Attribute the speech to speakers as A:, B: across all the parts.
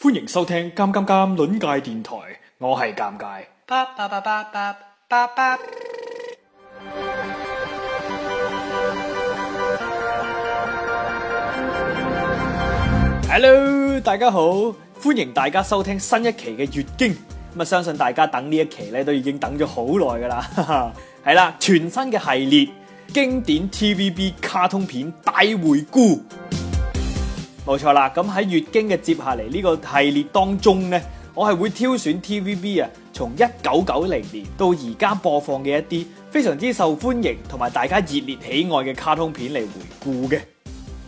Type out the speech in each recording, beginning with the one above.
A: 歡迎收聽《尷尷尷》尷界電台，我係尷尬。Hello，大家好，歡迎大家收聽新一期嘅月經。咁啊，相信大家等呢一期咧，都已經等咗好耐噶啦。哈哈，係啦，全新嘅系列經典 TVB 卡通片大回顧。冇錯啦，咁喺《粵經》嘅接下嚟呢個系列當中呢，我係會挑選 TVB 啊，從一九九零年到而家播放嘅一啲非常之受歡迎同埋大家熱烈喜愛嘅卡通片嚟回顧嘅。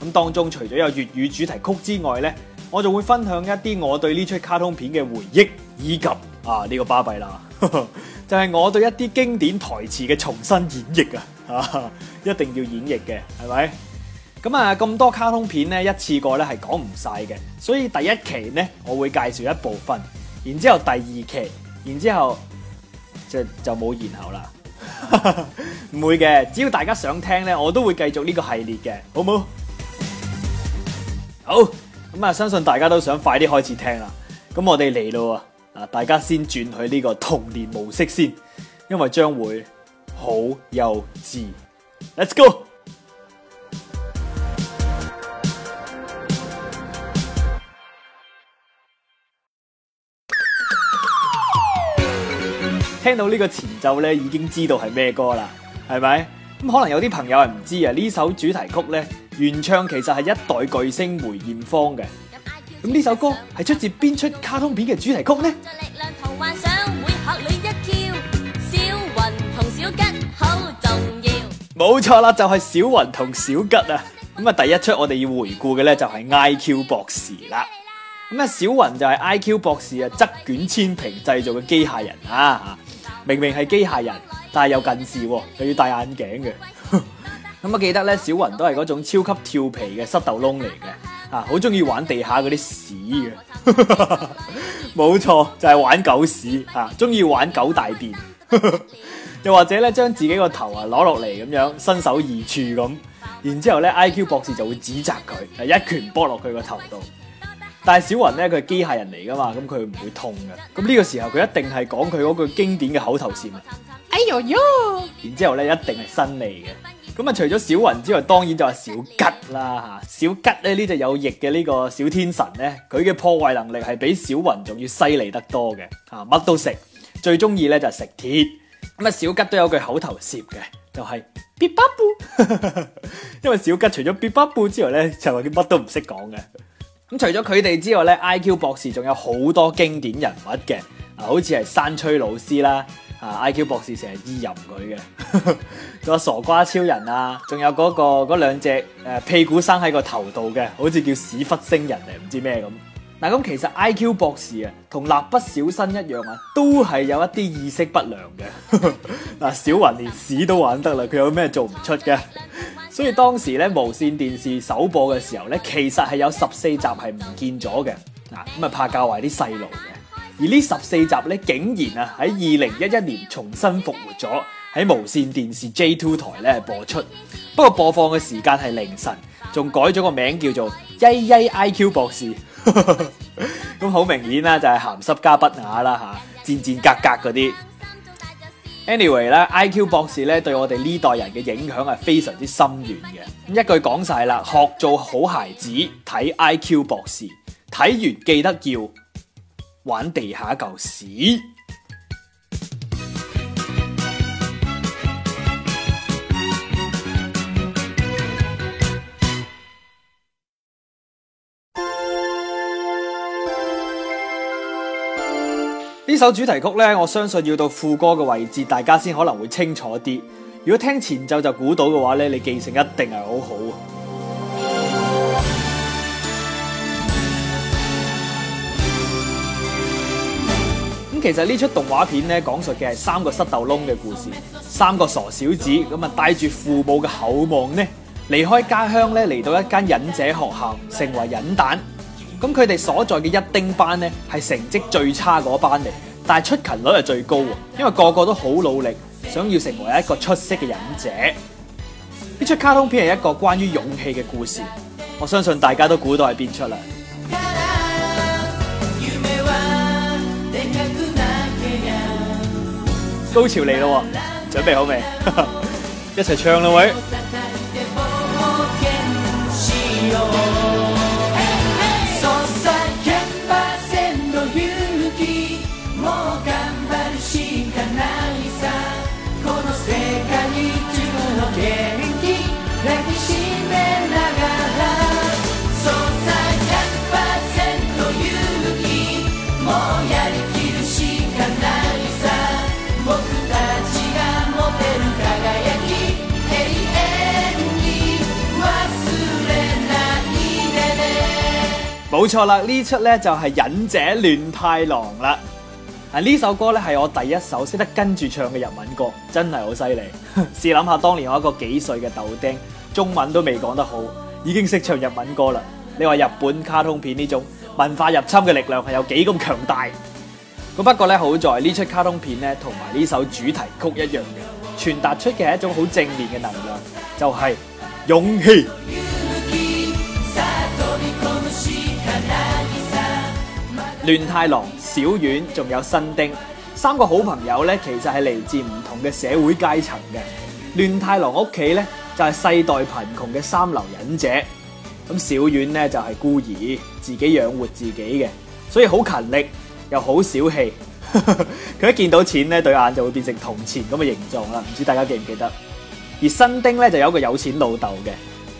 A: 咁當中除咗有粵語主題曲之外呢，我就會分享一啲我對呢出卡通片嘅回憶，以及啊呢個巴閉啦，就係我對一啲經典台詞嘅重新演繹啊，一定要演繹嘅，係咪？咁啊，咁多卡通片咧，一次過咧係講唔晒嘅，所以第一期咧我會介紹一部分，然之後第二期，然之後就就冇然後啦，唔 會嘅，只要大家想聽咧，我都會繼續呢個系列嘅，好唔好？好，咁啊，相信大家都想快啲開始聽啦，咁我哋嚟咯，嗱，大家先轉去呢個童年模式先，因為將會好幼稚，Let's go。聽到呢個前奏咧，已經知道係咩歌啦，係咪？咁可能有啲朋友係唔知啊，呢首主題曲咧，原唱其實係一代巨星梅艷芳嘅。咁呢那首歌係出自邊出卡通片嘅主題曲咧？「力量同幻想會嚇你一跳，小雲同小吉好重要」。冇錯啦，就係、是、小雲同小吉啊！咁啊，第一出我哋要回顧嘅咧就係 IQ 博士啦。咁啊，小雲就係 I Q 博士啊，則卷千平製造嘅機械人啊，明明係機械人，但係有近視，佢要戴眼鏡嘅。咁我記得咧，小雲都係嗰種超級調皮嘅塞豆窿嚟嘅，啊，好中意玩地下嗰啲屎嘅。冇錯，就係玩狗屎啊，中意玩狗大便，又或者咧，將自己個頭啊攞落嚟咁樣伸手而處咁，然之後咧，I Q 博士就會指責佢，係一拳搏落佢個頭度。但係小雲咧，佢係機械人嚟噶嘛，咁佢唔會痛嘅。咁呢個時候佢一定係講佢嗰句經典嘅口頭禪，哎呦呦！然之後咧，一定係伸脷嘅。咁啊，除咗小雲之外，當然就係小吉啦吓。小吉咧呢隻有翼嘅呢個小天神咧，佢嘅破壞能力係比小雲仲要犀利得多嘅。吓，乜都食，最中意咧就係食鐵。咁啊，小吉都有句口頭禪嘅，就係 bi ba bu。因為小吉除咗 bi ba bu 之外咧，就係佢乜都唔識講嘅。咁除咗佢哋之外咧，IQ 博士仲有好多經典人物嘅，啊，好似係山吹老師啦，啊，IQ 博士成日意淫佢嘅，仲有傻瓜超人啊，仲有嗰個嗰兩隻誒屁股生喺個頭度嘅，好似叫屎忽星人嚟，唔知咩咁。嗱，咁其實 IQ 博士啊，同蠟筆小新一樣啊，都係有一啲意識不良嘅。嗱，小雲連屎都玩得啦，佢有咩做唔出嘅？所以當時咧無線電視首播嘅時候咧，其實係有十四集係唔見咗嘅，嗱咁啊怕教壞啲細路嘅。而呢十四集咧，竟然啊喺二零一一年重新復活咗喺無線電視 J2 台咧播出，不過播放嘅時間係凌晨，仲改咗個名叫做《曳曳 IQ 博士》。咁 好明顯啦，就係鹹濕加不雅啦嚇，戰戰格格嗰啲。Anyway 咧，IQ 博士咧對我哋呢代人嘅影響係非常之深遠嘅。一句講晒啦，學做好孩子，睇 IQ 博士，睇完記得要玩地下舊屎。呢首主題曲呢，我相信要到副歌嘅位置，大家先可能會清楚啲。如果聽前奏就估到嘅話呢，你記性一定係好好咁。嗯，其實呢出動畫片呢，講述嘅係三個塞豆窿嘅故事，三個傻小子咁啊，帶住父母嘅厚望呢，離開家鄉呢，嚟到一間忍者學校，成為忍蛋。咁佢哋所在嘅一丁班呢，係成績最差嗰班嚟，但係出勤率係最高喎，因為個個都好努力，想要成為一個出色嘅忍者。呢出卡通片係一個關於勇氣嘅故事，我相信大家都估到係邊出啦。高潮嚟咯，準備好未？ 一齊唱啦，喂！冇錯啦，呢出呢就係忍者亂太郎啦。啊，呢首歌呢係我第一首識得跟住唱嘅日文歌，真係好犀利。試諗下當年我一個幾歲嘅豆丁，中文都未講得好，已經識唱日文歌啦。你話日本卡通片呢種文化入侵嘅力量係有幾咁強大？咁不過呢，好在呢出卡通片呢，同埋呢首主題曲一樣嘅，傳達出嘅係一種好正面嘅能量，就係勇氣。亂太郎、小遠仲有新丁，三個好朋友咧，其實係嚟自唔同嘅社會階層嘅。亂太郎屋企咧就係世代貧窮嘅三流忍者，咁小遠咧就係孤兒，自己養活自己嘅，所以好勤力又好小氣。佢 一見到錢咧對眼就會變成銅錢咁嘅形狀啦，唔知大家記唔記得？而新丁咧就有一個有錢老豆嘅，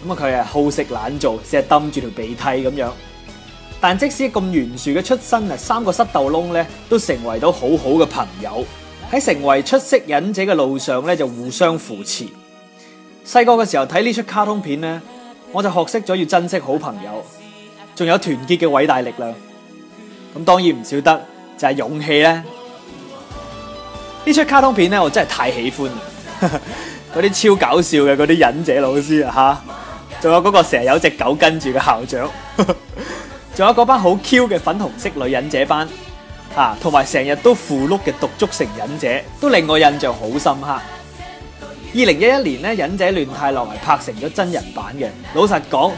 A: 咁啊佢係好食懶做，成日耷住條鼻涕咁樣。但即使咁懸殊嘅出身啊，三個失斗窿咧都成為到好好嘅朋友。喺成為出色忍者嘅路上咧，就互相扶持。細個嘅時候睇呢出卡通片咧，我就學識咗要珍惜好朋友，仲有團結嘅偉大力量。咁當然唔少得就係、是、勇氣啦。呢出卡通片咧，我真係太喜歡啦！嗰啲 超搞笑嘅嗰啲忍者老師啊，吓，仲有嗰個成日有隻狗跟住嘅校長。 仲有嗰班好 Q 嘅粉紅色女忍者班，嚇，同埋成日都附碌嘅獨足成忍者，都令我印象好深刻。二零一一年咧，《忍者亂太郎》係拍成咗真人版嘅。老實講，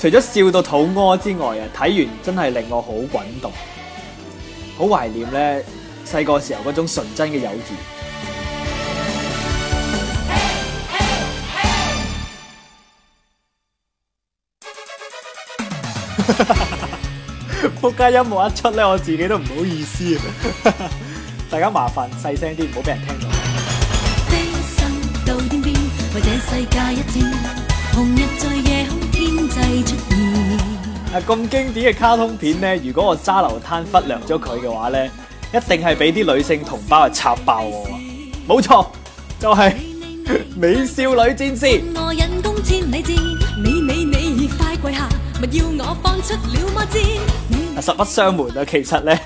A: 除咗笑到肚屙之外啊，睇完真係令我好滾動，好懷念咧細個時候嗰種純真嘅友誼。扑街音樂一出咧，我自己都唔好意思。 大家麻煩細聲啲，唔好俾人聽到。飛身到天邊，為這世界一戰。紅日在夜空天際出現。啊，咁經典嘅卡通片呢，如果我沙樓灘忽略咗佢嘅話呢，一定係俾啲女性同胞啊插爆我。冇錯，就係、是、美少女戰士。我千里箭，你你你快跪下，咪要我。實不相瞞啊，其實咧，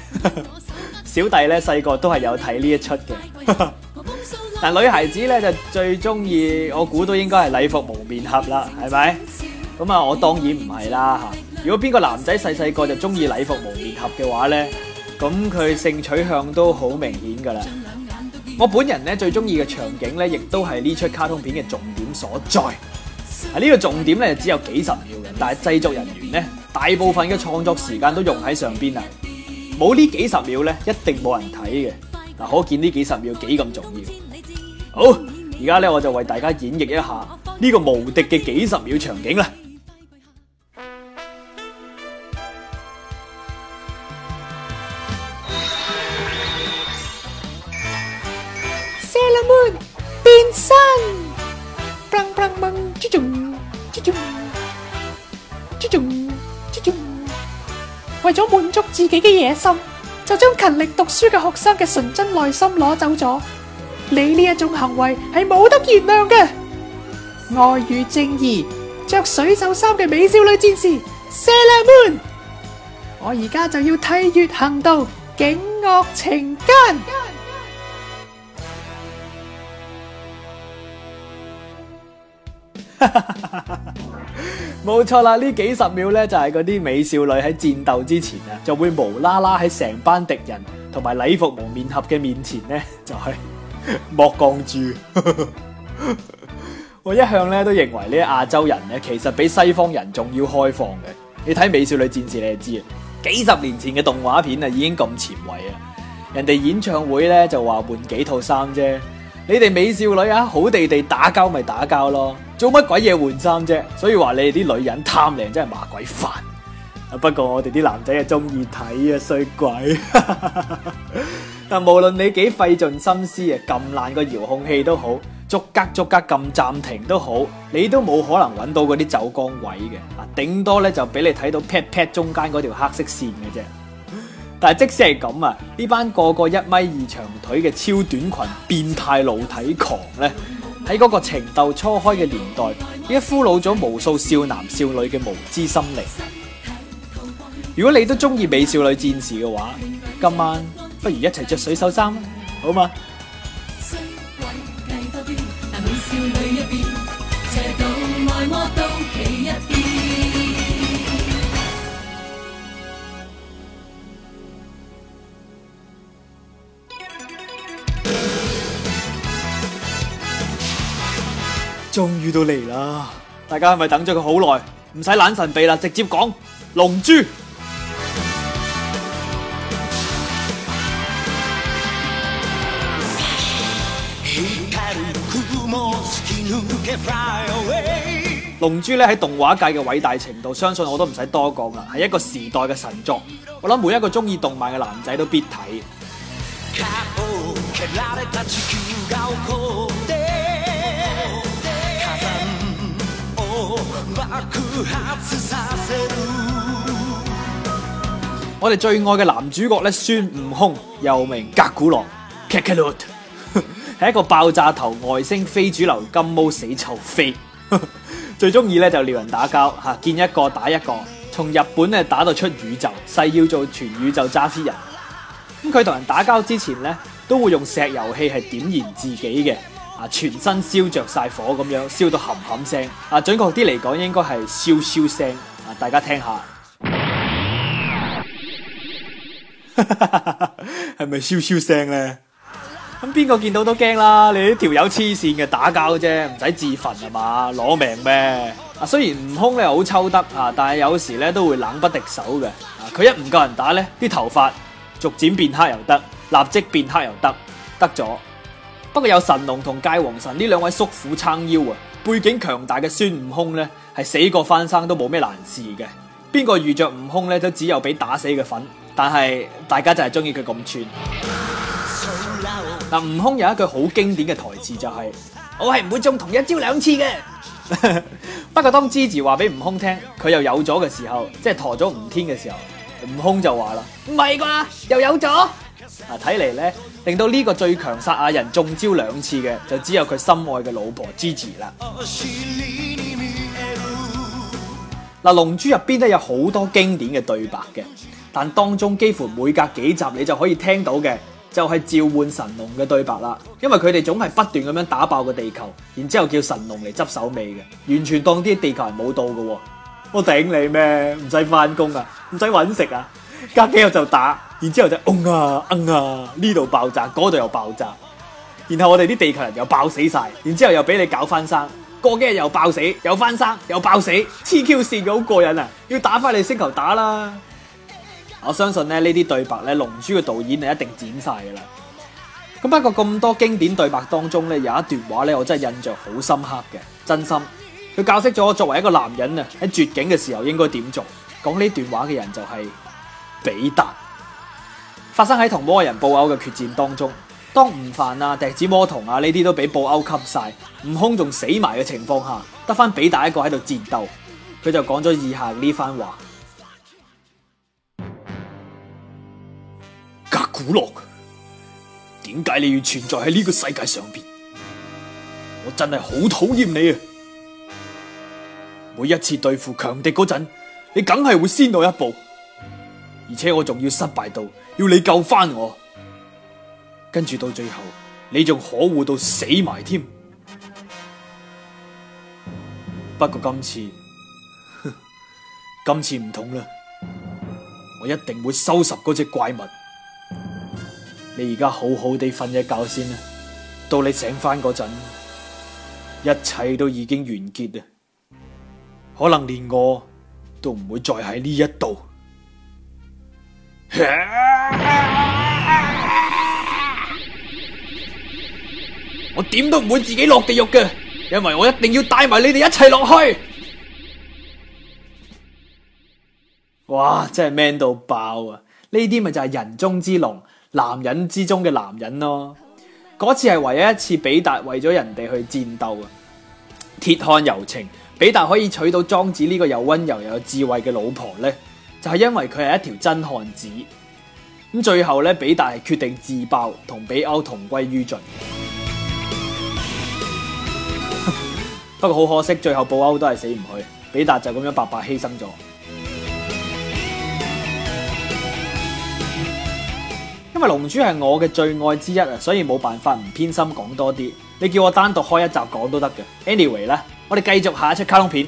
A: 小弟咧細個都係有睇呢一出嘅。但女孩子咧就最中意，我估都應該係禮服無面俠啦，係咪？咁啊，我當然唔係啦吓。如果邊個男仔細細個就中意禮服無面俠嘅話咧，咁佢性取向都好明顯噶啦。我本人咧最中意嘅場景咧，亦都係呢出卡通片嘅重點所在。啊，呢個重點咧只有幾十秒嘅，但係製作人員咧，大部分嘅創作時間都用喺上面呀，冇呢幾十秒呢，一定冇人睇嘅。嗱，可見呢幾十秒幾咁重要。好，而家呢，我就為大家演繹一下呢個無敵嘅幾十秒場景啦。自己嘅野心，就將勤力讀書嘅學生嘅純真內心攞走咗。你呢一種行為係冇得原諒嘅。愛與正義，着水袖衫嘅美少女戰士，Sailor Moon。我而家就要替月行道警惡懲奸。哈哈哈哈哈！冇錯啦，呢幾十秒咧就係嗰啲美少女喺戰鬥之前啊，就會無啦啦喺成班敵人同埋禮服蒙面俠嘅面前咧，就係剝光豬。我一向咧都認為呢亞洲人咧其實比西方人仲要開放嘅。你睇美少女戰士你就知啦，幾十年前嘅動畫片啊已經咁前衛啊，人哋演唱會咧就話換幾套衫啫，你哋美少女啊好地地打交咪打交咯。做乜鬼嘢換衫啫？所以話你哋啲女人貪靚真係麻鬼煩。不過我哋啲男仔啊，中意睇啊衰鬼。 但無論你幾費盡心思啊，撳爛個遙控器都好，逐格逐格撳暫停都好，你都冇可能揾到嗰啲走光位嘅。啊，頂多咧就俾你睇到 pat pat 中間嗰條黑色線嘅啫。但係即使係咁啊，呢班個個一米二長腿嘅超短裙變態露體狂咧。喺嗰個情竇初開嘅年代，已經俘虜咗無數少男少女嘅無知心靈。如果你都中意美少女戰士嘅話，今晚不如一齊着水手衫，好嗎？終於到嚟啦！大家係咪等咗佢好耐？唔使懶神秘啦，直接講《龍珠》。龍珠咧，喺動畫界嘅偉大程度，相信我都唔使多講啦，係一個時代嘅神作。我諗每一個中意動漫嘅男仔都必睇。 我哋最愛嘅男主角咧，孫悟空，又名格古羅 Kakarot 係一個爆炸頭外星非主流金毛死囚飛， 最中意咧就撩人打交，吓、啊、見一個打一個，從日本咧打到出宇宙，誓要做全宇宙揸 fit 人。咁佢同人打交之前咧，都會用石油氣係點燃自己嘅。啊！全身燒着晒火咁樣，燒到冚冚聲。啊，準確啲嚟講，應該係燒燒聲。啊，大家聽下，係咪燒燒聲呢？咁邊個見到都驚啦！你啲條友黐線嘅打交啫，唔使自焚吖嘛，攞命咩？啊，雖然悟空咧好抽得啊，但係有時咧都會冷不敵手嘅。啊，佢一唔夠人打咧，啲頭髮逐漸變黑又得，立即變黑又得，得咗。不過有神龍同界王神呢兩位叔父撐腰啊，背景強大嘅孫悟空咧係死過翻生都冇咩難事嘅。邊個遇着悟空咧都只有俾打死嘅份。但係大家就係中意佢咁串。嗱，悟空有一句好經典嘅台詞就係、是：空我係唔會中同一招兩次嘅。 不過當芝芝話俾悟空聽佢又有咗嘅時候，即係陀咗悟天嘅時候，悟空就話啦：唔係啩，又有咗。啊，睇嚟咧，令到呢個最強殺亞人中招兩次嘅，就只有佢心愛嘅老婆 Gigi 啦。嗱， 《龍珠》入邊咧有好多經典嘅對白嘅，但當中幾乎每隔幾集你就可以聽到嘅，就係、是、召喚神龍嘅對白啦。因為佢哋總係不斷咁樣打爆個地球，然之後叫神龍嚟執手尾嘅，完全當啲地球人冇到嘅。我頂你咩？唔使翻工啊，唔使搵食啊，隔幾日就打。然之後就嗡啊嗯啊呢度、嗯啊、爆炸，嗰度又爆炸，然後我哋啲地球人又爆死晒，然之後又俾你搞翻生，過幾日又爆死，又翻生，又爆死，黐 Q 線嘅好過癮啊！要打翻你星球打啦！我相信咧呢啲對白咧，《龍珠》嘅導演你一定剪晒噶啦。咁不過咁多經典對白當中咧，有一段話咧，我真係印象好深刻嘅，真心佢教識咗我作為一個男人啊喺絕境嘅時候應該點做。講呢段話嘅人就係、是、比達。發生喺同魔人布歐嘅決戰當中，當悟飯啊、笛子魔童啊呢啲都俾布歐吸晒，悟空仲死埋嘅情況下，得翻比達一個喺度戰鬥，佢就講咗以下呢番話：格古洛，點解你要存在喺呢個世界上邊？我真係好討厭你啊！每一次對付強敵嗰陣，你梗係會先我一步。而且我仲要失敗到要你救翻我，跟住到最後你仲可惡到死埋添。不過今次，今次唔同啦，我一定會收拾嗰隻怪物。你而家好好地瞓一覺先啦，到你醒翻嗰陣，一切都已經完結啦。可能連我都唔會再喺呢一度。 我點都唔會自己落地獄嘅，因為我一定要帶埋你哋一齊落去。哇，真係 man 到爆啊！呢啲咪就係人中之龍，男人之中嘅男人咯。嗰次係唯一一次比達為咗人哋去戰鬥啊！鐵漢柔情，比達可以娶到莊子呢個又溫柔又有智慧嘅老婆呢。就係因為佢係一條真漢子，咁最後咧，比達係決定自爆，同比歐同歸於盡。 不過好可惜，最後布歐都係死唔去，比達就咁樣白白犧牲咗。因為龍珠係我嘅最愛之一啊，所以冇辦法唔偏心講多啲。你叫我單獨開一集講都得嘅。Anyway 啦，我哋繼續下一出卡通片。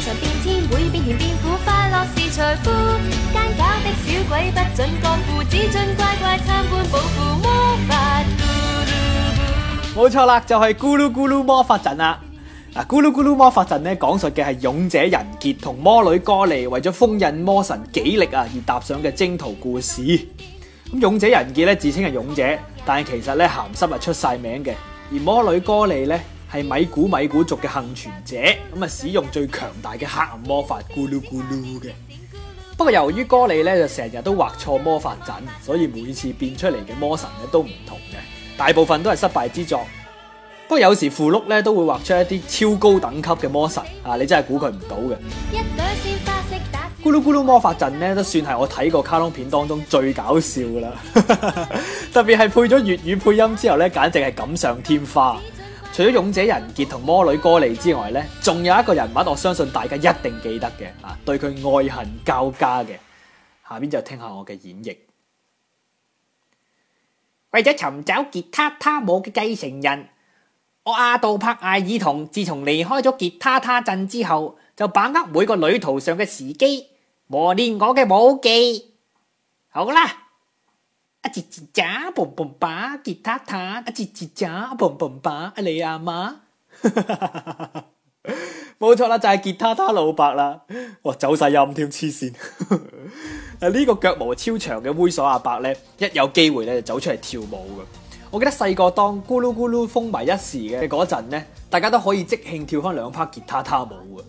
A: 現實變天會變甜變苦，快樂是財富。奸狡的小鬼不准降負，只准乖乖參觀保護魔法。冇錯啦，就係、是、咕嚕咕嚕魔法陣啦。嗱，咕嚕咕嚕魔法陣咧，講述嘅係勇者仁傑同魔女歌莉為咗封印魔神紀力啊而踏上嘅征途故事。咁勇者仁傑咧，自稱係勇者，但係其實咧，鹹濕係出晒名嘅。而魔女歌莉咧。係米古米古族嘅幸存者，咁啊使用最強大嘅黑暗魔法咕嚕咕嚕嘅。不過由於哥利咧就成日都畫錯魔法陣，所以每次變出嚟嘅魔神咧都唔同嘅，大部分都係失敗之作。不過有時符碌咧都會畫出一啲超高等級嘅魔神啊，你真係估佢唔到嘅。咕嚕咕嚕魔法陣咧都算係我睇過卡通片當中最搞笑嘅啦， 特別係配咗粵語配音之後咧，簡直係錦上添花。除咗勇者仁杰同魔女歌莉之外呢，仲有一個人物，我相信大家一定記得嘅，啊，對佢愛恨交加嘅。下面就聽下我嘅演繹。為咗尋找杰塔他姆嘅繼承人，我阿杜柏艾爾同自從離開咗杰塔他鎮之後，就把握每個旅途上嘅時機，磨練我嘅武技。好啦。阿吉吉嘉，boom boom bang，吉他他，阿吉吉嘉，阿 boom boom bang，阿你阿媽，冇錯啦，就係吉他他老伯啦，哇，走晒音添，黐線，啊 呢個腳毛超長嘅猥瑣阿伯咧，一有機會咧就走出嚟跳舞噶，我記得細個當咕嚕咕嚕風靡一時嘅嗰陣咧，大家都可以即興跳翻兩趴吉他他舞噶，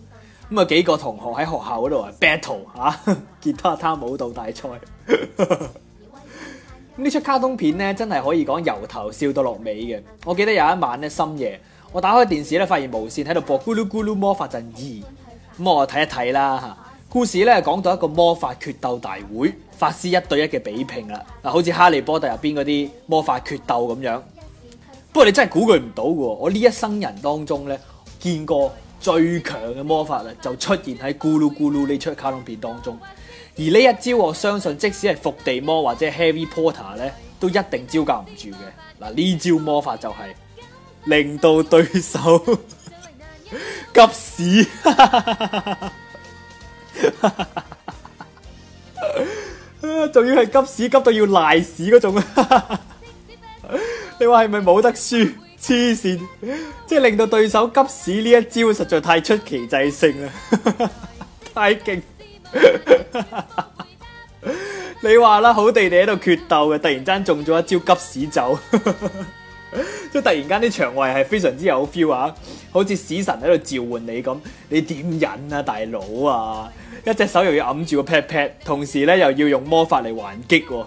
A: 咁啊幾個同學喺學校嗰度啊 battle 啊，吉他他舞蹈大賽。 呢出卡通片咧，真係可以講由頭笑到落尾嘅。我記得有一晚咧深夜，我打開電視咧，發現無線喺度播《咕嚕咕嚕魔法陣二》，咁我睇一睇啦嚇。故事咧講到一個魔法決鬥大會，法師一對一嘅比拼啦，嗱好似哈利波特入邊嗰啲魔法決鬥咁樣。不過你真係估佢唔到嘅喎，我呢一生人當中咧見過最強嘅魔法咧，就出現喺《咕嚕咕嚕》呢出卡通片當中。而呢一招，我相信即使係伏地魔或者 Harry Potter 咧，都一定招架唔住嘅。嗱，呢招魔法就係、是、令， 急屎笑 令到對手急屎，仲要係急屎急到要賴屎嗰種。你話係咪冇得輸？黐線！即係令到對手急屎呢一招實在太出奇制勝啦， 太勁！ 你話啦，好地地喺度決鬥嘅，突然間中咗一招急屎走，即 係突然間啲腸胃係非常之有 feel 啊，好似屎神喺度召喚你咁，你點忍啊大佬啊！一隻手又要揞住個 pat pat，同時咧又要用魔法嚟還擊、哦，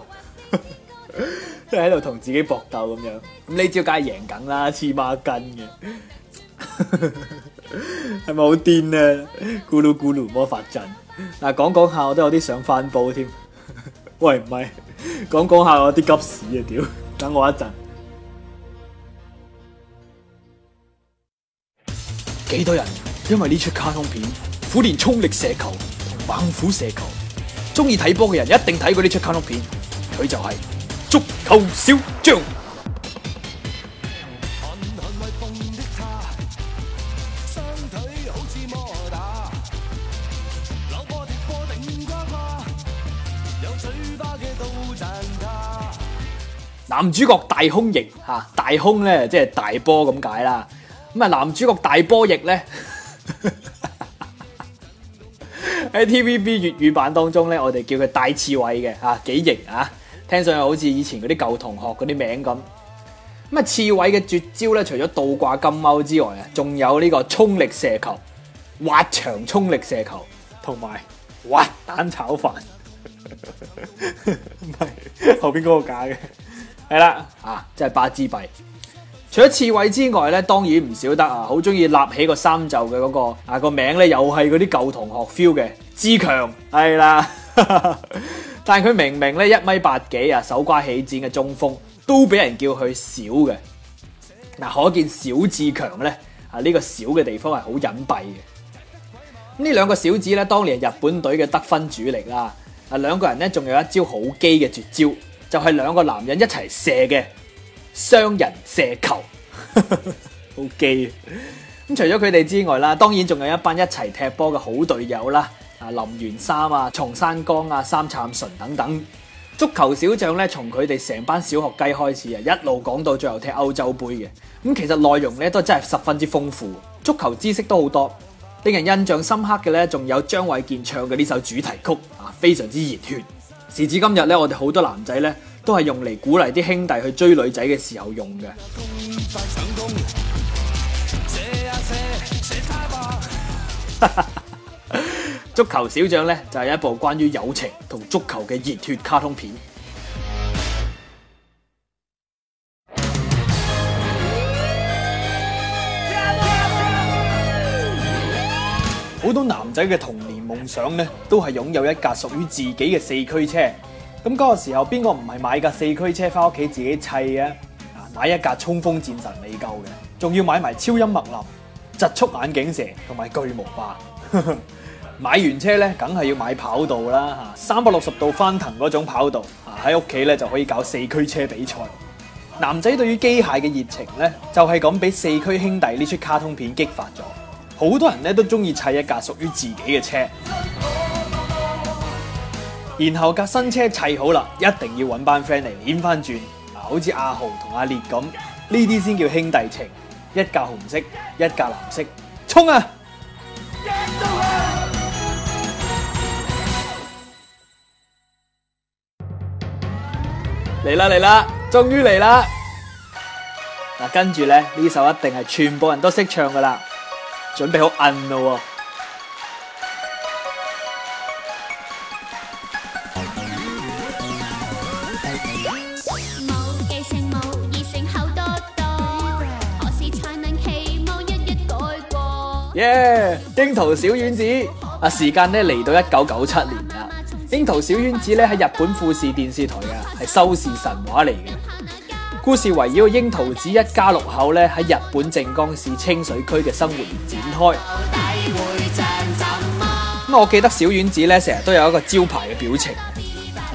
A: 即係喺度同自己搏鬥咁樣。咁呢招梗係贏緊啦，黐孖筋嘅。 係咪好癲啊？咕嚕咕嚕魔法陣。嗱，講講下我都有啲想翻煲添。喂，唔係，講講下我啲急屎啊！屌， 等我一陣。幾多人因為呢出卡通片《苦練衝力射球》同《猛虎射球》，中意睇波嘅人一定睇過呢出卡通片。佢就係足球小將。男主角大空翼嚇大空咧即係大波咁解啦。咁啊，男主角大波翼咧喺 TVB 粵語版當中咧，我哋叫佢大刺猬嘅嚇，幾型啊！聽上去好似以前嗰啲舊同學嗰啲名咁。咁啊，刺猬嘅絕招咧，除咗倒掛金鈎之外咧，仲有呢個衝力射球、挖牆衝力射球，同埋滑蛋炒飯。唔 係後邊嗰個假嘅。係啦，啊，即係八支幣。除咗刺猬之外咧，當然唔少得啊，好中意立起個三袖嘅嗰個啊，個名咧又係嗰啲舊同學 feel 嘅，志強係啦。但係佢明明咧一米八幾啊，手瓜起戰嘅中鋒，都俾人叫佢小嘅。嗱、啊，可見小志強咧啊呢、呢個小嘅地方係好隱蔽嘅。呢兩個小子咧當年係日本隊嘅得分主力啦。啊兩個人咧仲有一招好基嘅絕招。就係兩個男人一齊射嘅雙人射球， 好基。咁除咗佢哋之外啦，當然仲有一班一齊踢波嘅好隊友啦，啊林元三林源三啊、松山江松山光、啊、三杉淳等等。足球小將咧，從佢哋成班小學雞開始啊，一路講到最後踢歐洲杯嘅。咁其實內容咧都真係十分之豐富，足球知識都好多，令人印象深刻嘅咧，仲有張衛健唱嘅呢首主題曲啊，非常之熱血。時至今日咧，我哋好多男仔咧都係用嚟鼓勵啲兄弟去追女仔嘅時候用嘅。 足球小將咧就係一部關於友情同足球嘅熱血卡通片。好 多男仔嘅童年。夢想咧都係擁有一架屬於自己嘅四驅車，咁嗰個時候邊個唔係買架四驅車翻屋企自己砌嘅？啊，買一架衝鋒戰神未夠嘅，仲要買埋超音麥林、疾速眼鏡蛇同埋巨無霸。 買完車咧，梗係要買跑道啦，吓三百六十度翻騰嗰種跑道啊！喺屋企咧就可以搞四驅車比賽。男仔對於機械嘅熱情咧，就係咁俾《四驅兄弟》呢出卡通片激發咗。好多人呢都鍾意砌一架屬於自己嘅車，然後架新車砌好喇，一定要搵一班 friend 嚟搣返轉。好似阿豪同阿烈咁，呢啲先叫兄弟情，一架紅色，一架藍色，衝啊！嚟啦嚟啦，終於嚟啦！跟住咧呢呢首一定係全部人都識唱㗎啦。準備好按咯喎！耶！櫻桃小丸子啊，時間呢嚟到一九九七年啦。櫻桃小丸子呢喺日本富士電視台嘅係收視神話嚟嘅。故事圍繞個櫻桃子一家六口咧喺日本靜岡市清水區嘅生活展開。咁我記得小丸子咧成日都有一個招牌嘅表情，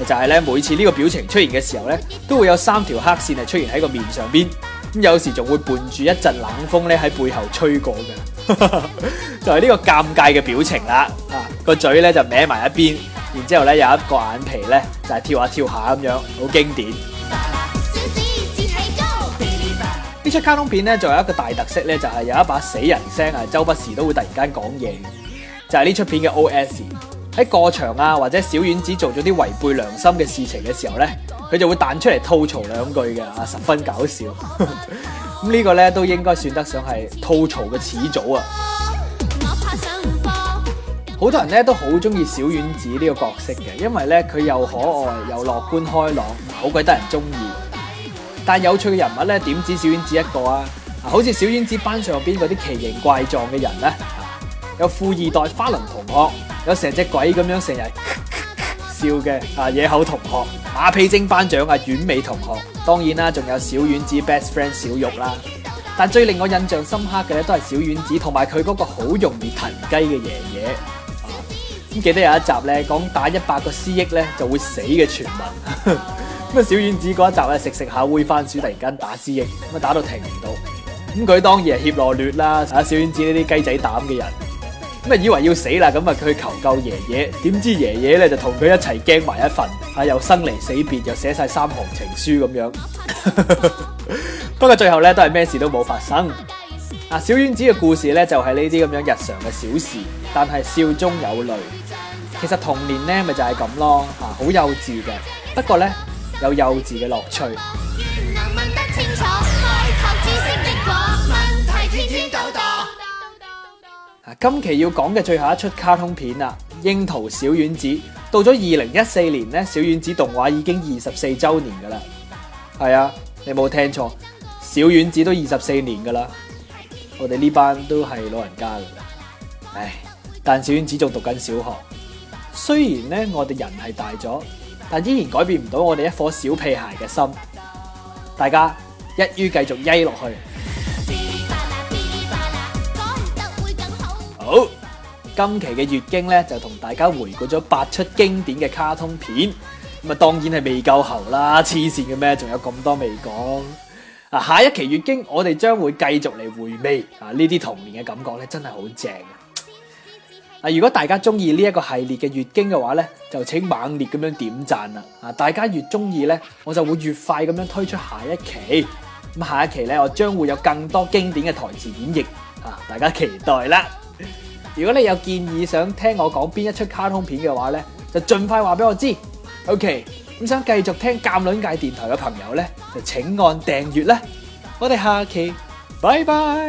A: 就係咧每次呢個表情出現嘅時候咧，都會有三條黑線係出現喺個面上邊。咁有時仲會伴住一陣冷風咧喺背後吹過嘅， 就係呢個尷尬嘅表情啦。啊個嘴咧就歪埋一邊，然之後咧有一個眼皮咧就係跳下跳下咁樣，好經典。這出卡通片咧，仲有一個大特色咧，就係、是、有一把死人聲啊，周不時都會突然間講嘢，就係、是、呢出片嘅 O.S. 喺過場啊，或者小丸子做咗啲違背良心嘅事情嘅時候咧，佢就會彈出嚟吐槽兩句嘅啊，十分搞笑。咁 呢個咧都應該算得上係吐槽嘅始祖啊！好 多人咧都好中意小丸子呢個角色嘅，因為咧佢又可愛又樂觀開朗，好鬼得人中意。但有趣嘅人物咧，點止小丸子一個啊？啊，好似小丸子班上邊嗰啲奇形怪狀嘅人咧，有富二代花輪同學，有成隻鬼咁樣成日笑嘅啊野口同學，馬屁精班長啊丸尾同學，當然啦、啊，仲有小丸子 best friend 小玉啦。但最令我印象深刻嘅咧，都係小丸子同埋佢嗰個好容易騰雞嘅爺爺。咁、啊、記得有一集咧，講打一百個思噎咧就會死嘅傳聞。 咁啊，小丸子嗰一集咧，食食下煨番薯，突然間打思噎，咁啊打到停唔到。咁佢當然係怯懦劣啦。啊，小丸子呢啲雞仔膽嘅人，咁啊以為要死啦。咁啊佢去求救爺爺，點知爺爺咧就同佢一齊驚埋一份，啊又生離死別，又寫晒三行情書咁樣。 不過最後咧都係咩事都冇發生。啊，小丸子嘅故事咧就係呢啲咁樣日常嘅小事，但係笑中有淚。其實童年咧咪就係、是、咁咯，吓好幼稚嘅。不過咧。有幼稚嘅樂趣。啊，今期要講嘅最後一出卡通片啊，《櫻桃小丸子》到咗二零一四年呢，小丸子動畫已經二十四週年噶啦。係啊，你冇聽錯，小丸子都二十四年噶啦。我哋呢班都係老人家嚟噶。唉，但小丸子仲讀緊小學。雖然呢，我哋人係大咗。但依然改變唔到我哋一顆小屁孩嘅心，大家一於繼續曳落去。好，今期嘅粵經咧就同大家回顧咗八出經典嘅卡通片，咁啊當然係未夠喉啦，黐線嘅咩？仲有咁多未講啊！下一期粵經我哋將會繼續嚟回味啊！呢啲童年嘅感覺咧真係好正。嗱，如果大家中意呢一個系列嘅《粵經》嘅話咧，就請猛烈咁樣點贊啦！啊，大家越中意咧，我就會越快咁樣推出下一期。咁下一期咧，我將會有更多經典嘅台詞演繹，啊，大家期待啦！如果你有建議想聽我講邊一出卡通片嘅話咧，就盡快話俾我知。OK，咁想繼續聽《鑽卵界電台》嘅朋友咧，就請按訂閱啦。我哋下期，拜拜。